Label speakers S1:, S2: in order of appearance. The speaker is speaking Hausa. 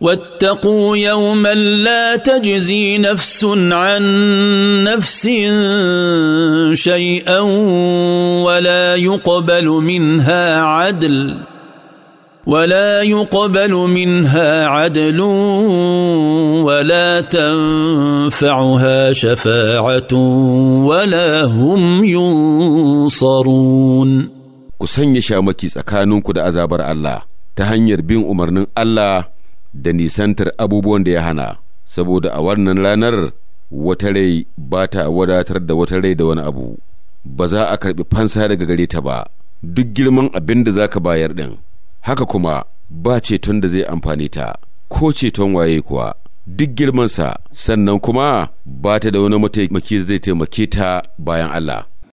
S1: واتقوا يوما لا تجزي نفس عن نفس شيئا ولا يقبل منها عدل ولا يقبل منها عدل ولا تنفعها شفاعه ولا هم ينصرون
S2: ku sanya shamaki tsakaninku da azabar Allah ta hanyar bin umarnin da nisantar abubuwan da ya hana saboda a wannan ranar wata rai ba ta wadatar da wata rai da wani abu ba za a karɓi fansa daga gare ta ba duk girman abin da za ka bayar ɗin haka kuma ba ceton da zai amfani ta ko ceton waye kuwa duk girmansa sannan kuma ba ta da wani mataimaki zai taimake ta bayan Allah